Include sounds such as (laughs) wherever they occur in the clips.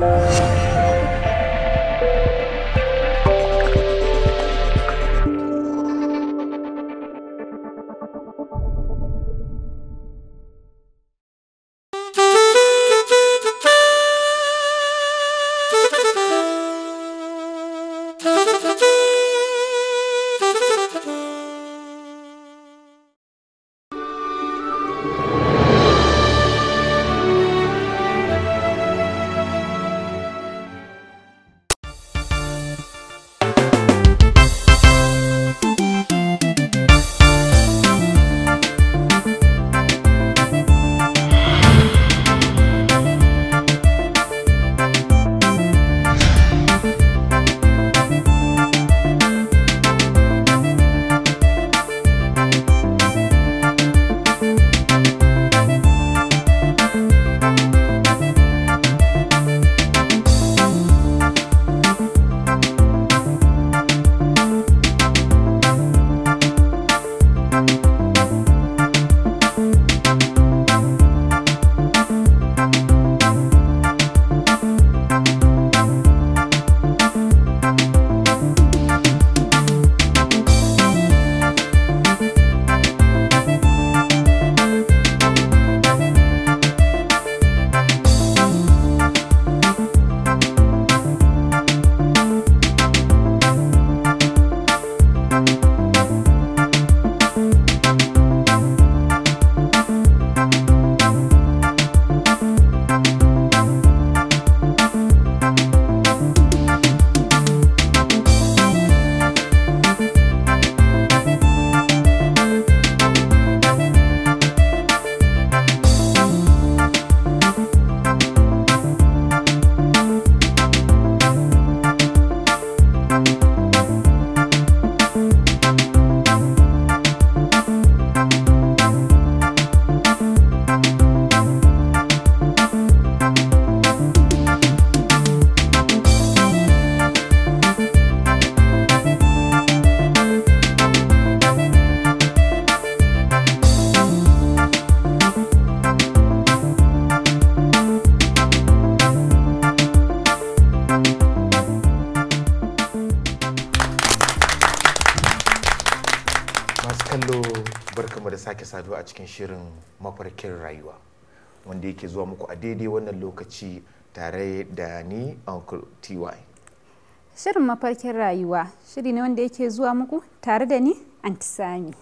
Música mu da sake saduwa a cikin shirin mafarkin rayuwa wanda yake zuwa muku a daidai wannan lokaci tare da ni uncle ty shirin mafarkin rayuwa shiri ne wanda yake zuwa muku tare da ni antisami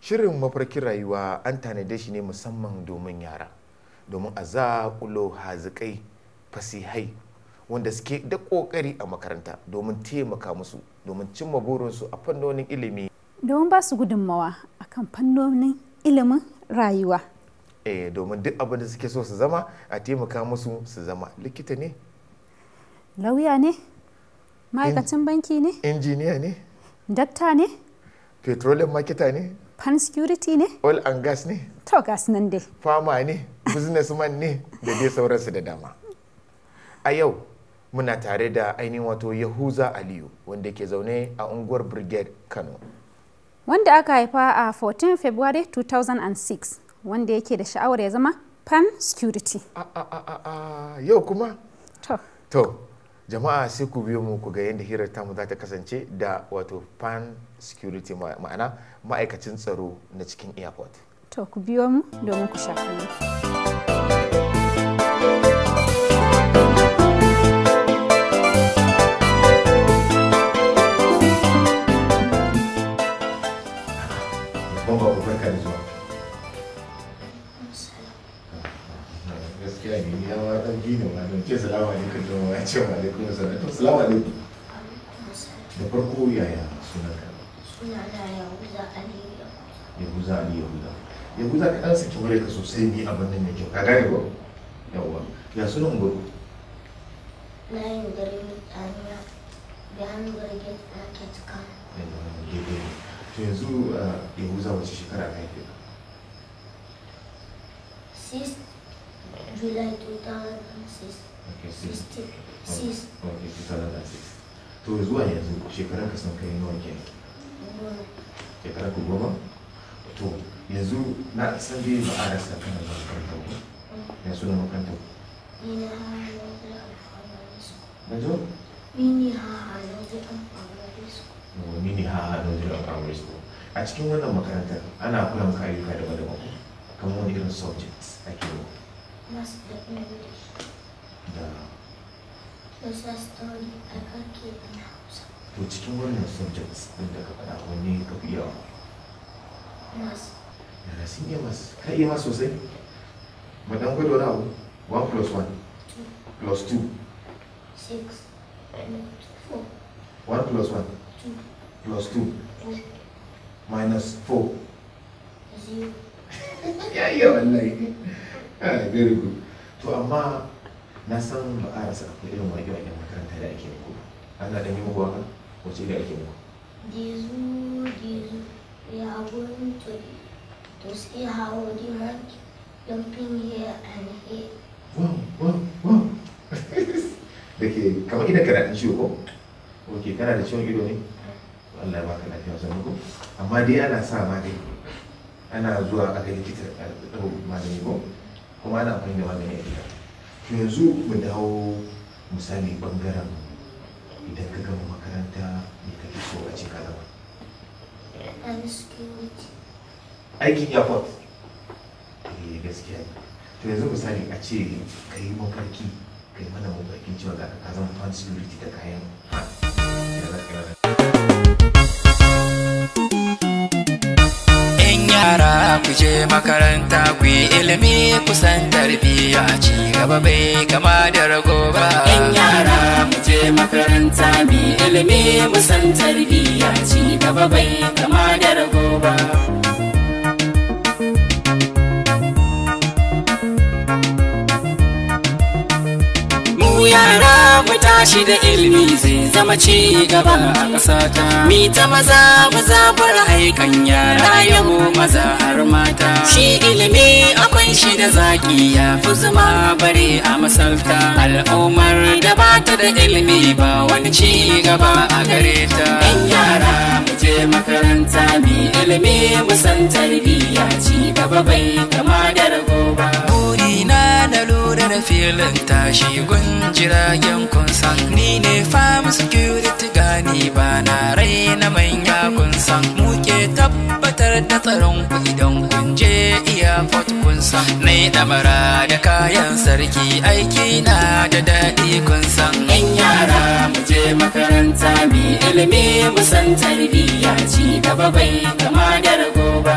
shirin mafarkin rayuwa an tanadi shi ne musamman domin yara domin a zaƙulo hazikai fasihai wanda suke da ƙoƙari a makaranta domin taimaka musu domin cimma burinsu a fannonin ilimi domin ba su gudunmawa a kan fannonin ilimin rayuwa eh domin duk abin da suke so su zama a taimaka musu su zama likita ne lauya ne ma'aikacin banki ne injiniya ne dakta ne petroleum marketer ne pan security ne oil and gas ne to gas nan dai fama ne businessman ne da dai sauransu da dama a yau muna tare da ainihin wato yahuza aliyu wanda ke zaune a unguwar brigade kano wanda aka haifa a 14 february 2006 wanda yake da sha'awar ya zama pan security yau kuma to jama'a sai ku biyo mu ku ga yadda hirar tamu za ta kasance da wato pan security ma'ana ma'aikacin tsaro na cikin airport to ku biyo mu domin ku sha kallo ce salamu alaikum to ya ce wa alaikum salam to salamu alaikum da farko yaya sunanka sunana yahuza Aliyu yahuza ali yahuza yahuza ka dan saki wurin ka sosai ni abin nan mai kyau ka gane ko yawwa ya sunan ungwar na yin garin tsaniya bayan gurgin na ke tuka to yanzu yahuza wace shekara ka haife ka 6 July 2006 to zuwa yanzu shekarar ka sun kai nawa kenan shekarar ku goma to yanzu na san dai ba a rasa kana da makaranta ko ya suna makaranta ko na jo mini ha ha na primary a cikin wannan makarantar ana koyan maka ayyuka daban-daban kamar wani irin subjects ake yi masu da english Yasa story a kake cikin wannan subjects ɗin da ka Mas. Yara sun sosai? Madan gwada wani abu? One plus one? Two. Plus two? Six. Four. One plus one? Two. Plus two? Four. Minus four? Zero. (laughs) Very good. To amma na san ba a rasa akwai irin wage wagen makaranta da ake muku ana dan yi muku waka ce da ake muku gizu gizu ya going to to see how the monkey jumping here and here wow wow wow (laughs) da ke kama idan kana ciwo ko ok kana da ciwon ido ne Allah ya baka lafiya sannu ku. amma dai ana sa ma dai, ana zuwa a ga likita a da magani ko kuma ana amfani da magani a gida to yanzu mu dawo misali bangaren idan ka gama makaranta ka fi so a ce ka zama aikin airport eh gaskiya ne to yanzu misali a ce ka yi mafarki ka yi mana mafarkin cewa ga ka zama fan security da kayan ku je makaranta ku ilimi kusan tarbiyya a ci gaba bai kama da rago ba yan yara mu je makaranta mu ilimi san tarbiyya ci gaba bai kama da rago ba yara mu tashi da ilimi zai zama ci gaba a ƙasata. Mi ta maza mu zabar aikan yara ya mu maza har mata. Shi ilimi akwai shi da zaki ya fi zuma bare a masalta. Al'ummar da ba ta da ilimi ba wani ci gaba a gare ta. Yan yara mu je makaranta mi ilimi mu san tarbiyya ci gaba bai kama da rago ba. Burina da da filin tashi gun jiragen kunsan ni ne fam security gani ba na raina manya kunsan muke tabbatar da tsaron ku idan kun je airport kunsan nai mara da kayan sarki aiki na da daɗi kunsan yan yara mu je makaranta mi ilimi mu san tarbiyya ci gaba bai kama da ragoba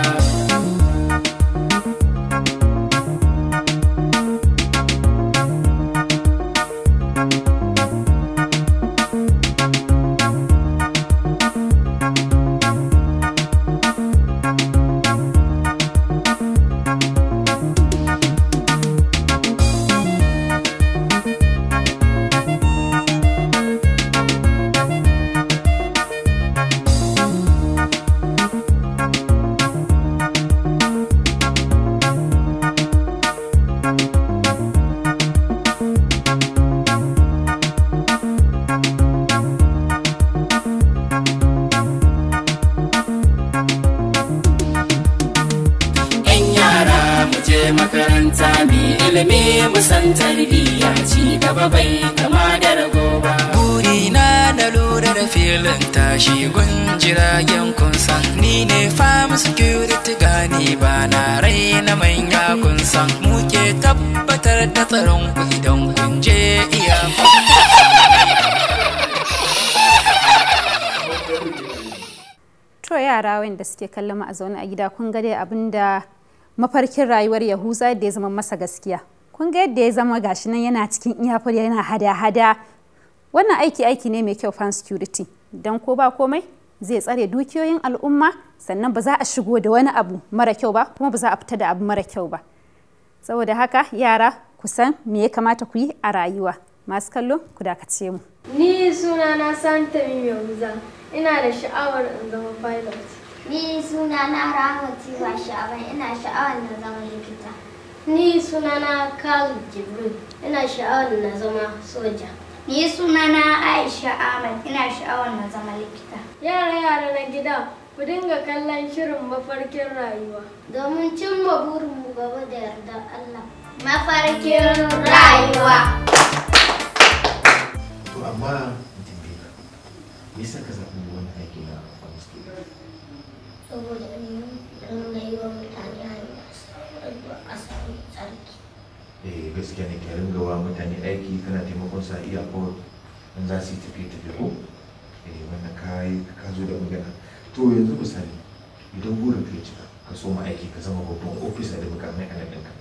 yara wanda suke kallon mu a zaune a gida kun ga dai abin da mafarkin rayuwar yahuza da ya zama masa gaskiya kun ga yadda ya zama gashi nan yana cikin iyafar yana hada-hada wannan aiki aiki ne mai kyau fan security don ko ba komai zai tsare dukiyoyin al'umma sannan ba za a shigo da wani abu mara kyau ba kuma ba za a fita da abu mara kyau ba saboda haka yara kusan me ya kamata ku yi a rayuwa masu kallo ku dakace mu ni sunana santa mimi Ina da sha'awar in zama pilot. Ni suna na Rahama Tiwa sha'awar ina sha'awar na zama likita. Ni suna na Kalu Jibril ina sha'awar na zama soja. Ni suna na Aisha amal ina sha'awar na zama likita. Yara yara na gida ku dinga kallon shirin mafarkin rayuwa. Domin cimma burinmu gaba da yardar Allah. Mafarkin rayuwa. amma me yasa ka zaɓi wani aiki na wani suke saboda in na yi wa mutane hanya a samu tsarki eh gaskiya ne ka ringa wa mutane aiki kana taimakon sa iya ko in za su yi tafiye tafiye ko eh wannan kayi ka zo da magana to yanzu misali idan burin ka cika ka so ma aiki ka zama babban ofisa da mukamai a nan ɗinka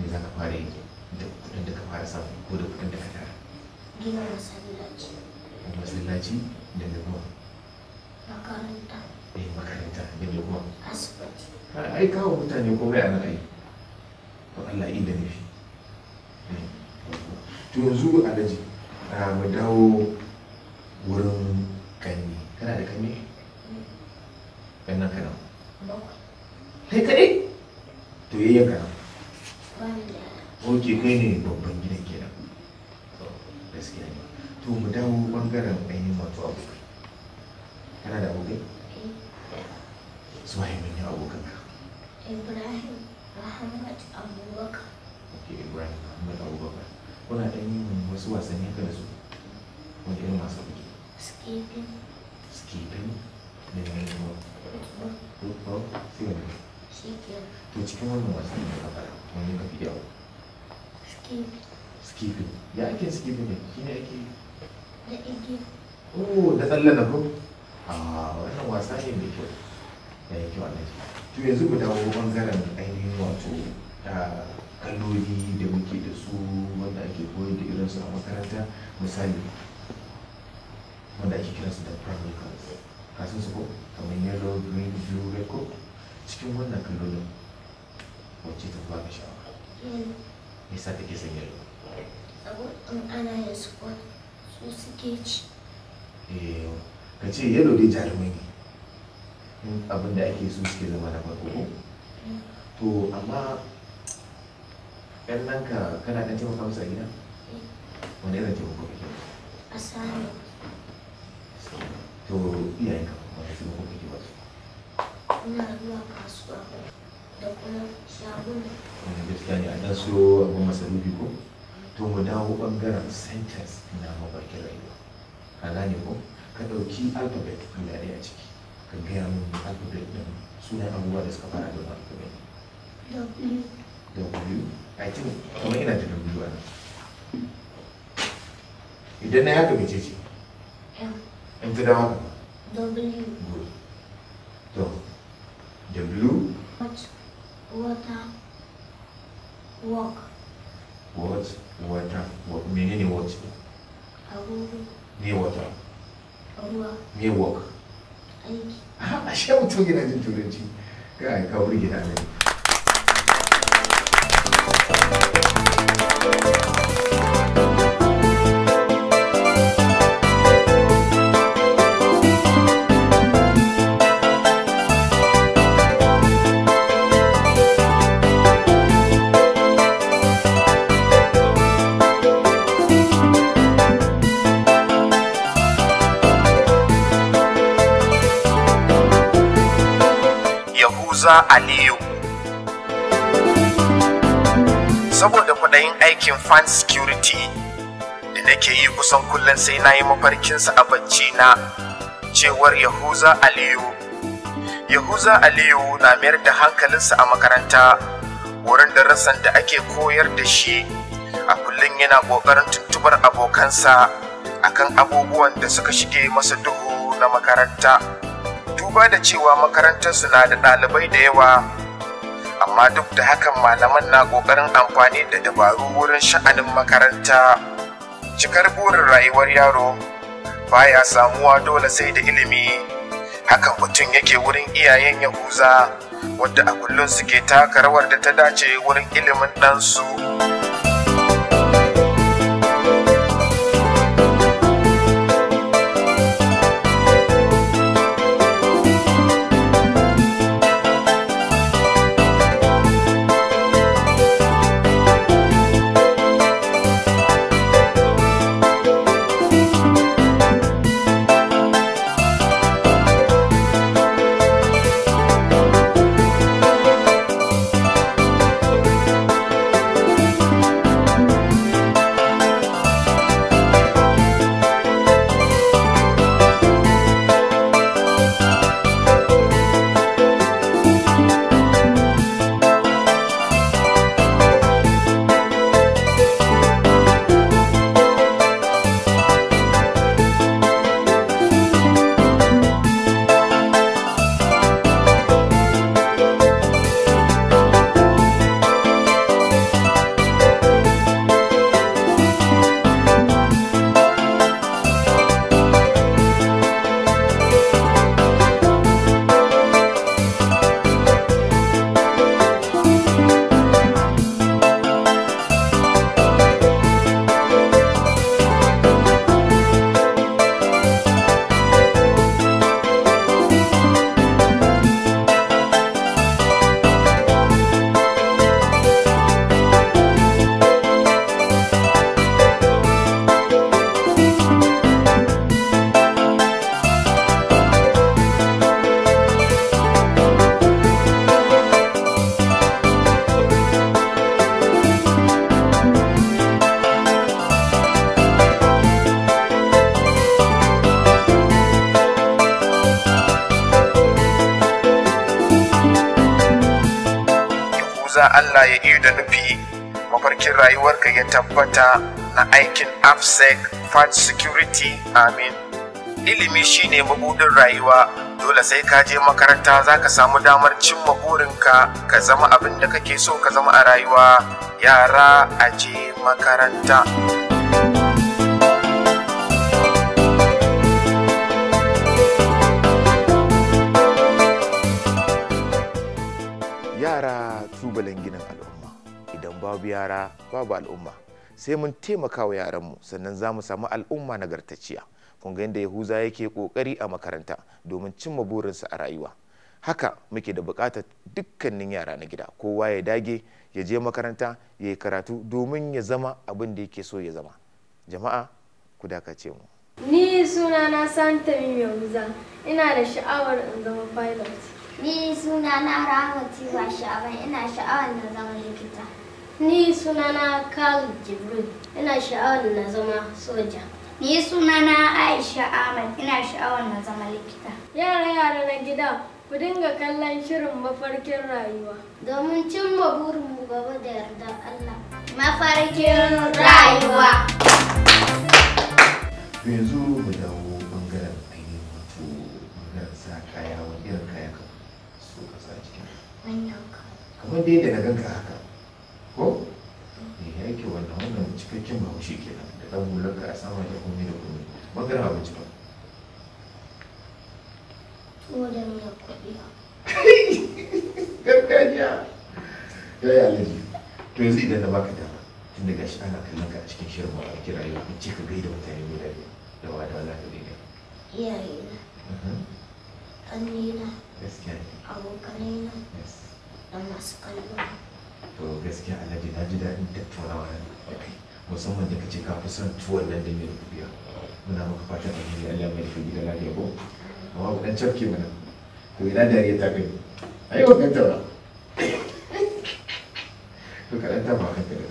me za ka fara yi da kuɗin da ka fara samu ko da kuɗin da ka tara gina masallaci masallaci da mai kuma makaranta eh kuma ai mutane komai a anak ai ko Allah inda nufi eh, to yanzu alhaji mu dawo wurin shi oh, ne da igiya oh ko a ah, wannan wasa ne mai kyau ya yi kyau a to yanzu ku dawo bangaren ainihin wato ah, kaloli da muke da su wanda ake koyar da irinsu a makaranta misali wanda ake da primary colors kasan su ko kamar yellow green blue red ko cikin wannan kalolin wacce ta baka sha'awa mm. me yasa take son yellow abu um, in ana yin su suke ci ka ce yalo dai jarumai ne abin da ake so suke zama na farko mm. to amma yan nan ka kana ɗan taimaka musu a gida eh. wanda yana taimako kake a sami to iyayen ka wanda taimako kake ba su ina zuwa kasuwa da kuma shagunan mm, gaskiya ne a dan so abin masarufi ko to mu dawo bangaren sentence na mafarkin rayuwa ka gane ko ka ɗauki alphabet guda ɗaya a ciki ka gaya mun alphabet ɗin sunan abubuwa da suka fara da alphabet w w i think kuma ina da w a idan na haka mece ce in ta dawo haka w good to w what water walk what wata menene what me wata me work aiki ah, ashe mutum yana jin turanci ga ka burge na ne Aliyu. Saboda kwaɗayin aikin fan security da nake yi kusan kullum sai na yi mafarkinsa a bacci na cewar Yahuza Aliyu. Yahuza Aliyu na mayar da hankalinsa a makaranta wurin darasan da ake koyar da shi a kullum yana ƙoƙarin tuntubar abokansa akan abubuwan da suka shige masa duhu na makaranta. duba da cewa makarantarsu na da ɗalibai da yawa amma duk da hakan malaman na ƙoƙarin amfani da dabaru wurin sha'anin makaranta cikar burin rayuwar yaro baya samuwa dole sai da ilimi hakan mutum yake wurin iyayen yahuza wadda a kullum suke taka rawar da ta dace wurin ilimin ɗansu. mafarkin rayuwarka ya tabbata na aikin afsec fat security amin ilimi shine mabudin rayuwa dole sai ka je makaranta za ka samu damar cimma burinka ka zama abin da kake so ka zama a rayuwa yara a je makaranta babu yara babu al'umma sai mun taimaka wa yaranmu sannan za mu samu al'umma nagartacciya kun ga yadda yahuza yake kokari a makaranta domin cimma burinsa a rayuwa haka muke da bukatar dukkanin yara na gida kowa ya dage ya je makaranta ya yi karatu domin ya zama abin da yake so ya zama jama'a ku dakace mu ni suna na santa yahuza ina da sha'awar in zama pilot ni suna na rahama ba sha'awar ina sha'awar na zama likita Ni sunana Khalid Jibril, ina sha'awar na zama soja. Ni sunana Aisha Ahmad, ina sha'awar na zama likita. Yara yara na gida, ku dinga kallon shirin mafarkin rayuwa. Domin cimma burinmu gaba da yarda Allah. Mafarkin rayuwa. Yanzu mu dawo bangaren ainihin wato bangaren sa kaya wa irin kaya ka so ka sa ka. Kamar dai da na ganka haka. ko ya yake wannan wannan cikakken bahaushe kenan da ɗan hularka a sama da komai da komai bangaren abinci ba tuwo da miyar kuɗi gargajiya ya yi alaji to yanzu idan na baka dama tun daga shi ana kallon ka a cikin shirin ma a rayuwa yau ce ka da mutane guda biyu da wa da wala ka gaida iyayena ƙannena abokanena da masu kallon to gaskiya alhaji na ji daɗin tattaunawa da kai musamman da kace ka fi son tuwon nan da mai rubiya muna maka da alheri Allah mai rufe gida lafiya ko amma ku dan cafke mana to ina dariya ta kai ayo ka tawa to ka dan ka kanka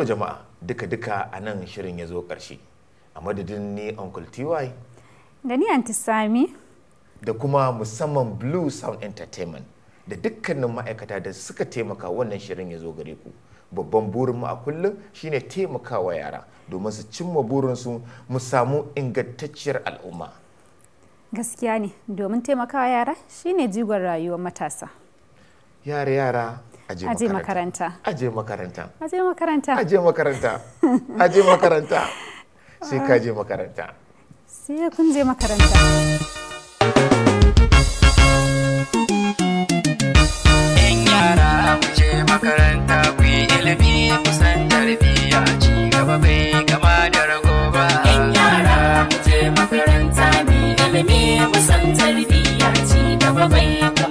to jama'a duka-duka a nan shirin ya zo ƙarshe a madadin ni uncle ty da ni anti sami da kuma musamman blue sound entertainment da dukkanin ma'aikata da suka taimaka wannan shirin ya zo gare ku babban burinmu a kullum shine taimakawa yara domin su cimma burinsu mu samu ingantacciyar al'umma gaskiya ne domin taimakawa yara shine jigon rayuwar matasa yara yara aje makaranta aje makaranta aje makaranta aje makaranta aje makaranta sai ka je makaranta sai kun je makaranta yan yara mu je makaranta ku yi ilimi kusan tarbiyya ci gaba bai gama da rago ba yan yara je makaranta mu yi ilimi kusan tarbiyya ci gaba bai gama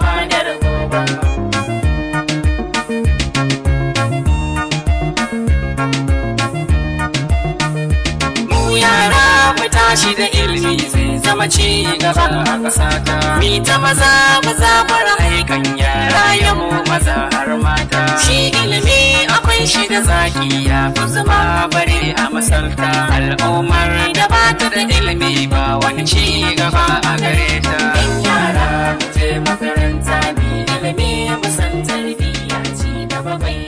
shi da ilimi zai zama ci gaba a ƙasa ta. Mi ta maza maza mara aikan yara ya mu maza har mata. Shi ilimi akwai shi da zaki ya fi zuma bare a masalta. Al'ummar da ba ta da ilimi ba wani ci gaba a gare ta. Yan yara mu makaranta mi ilimi mu san tarbiyya ci gaba bai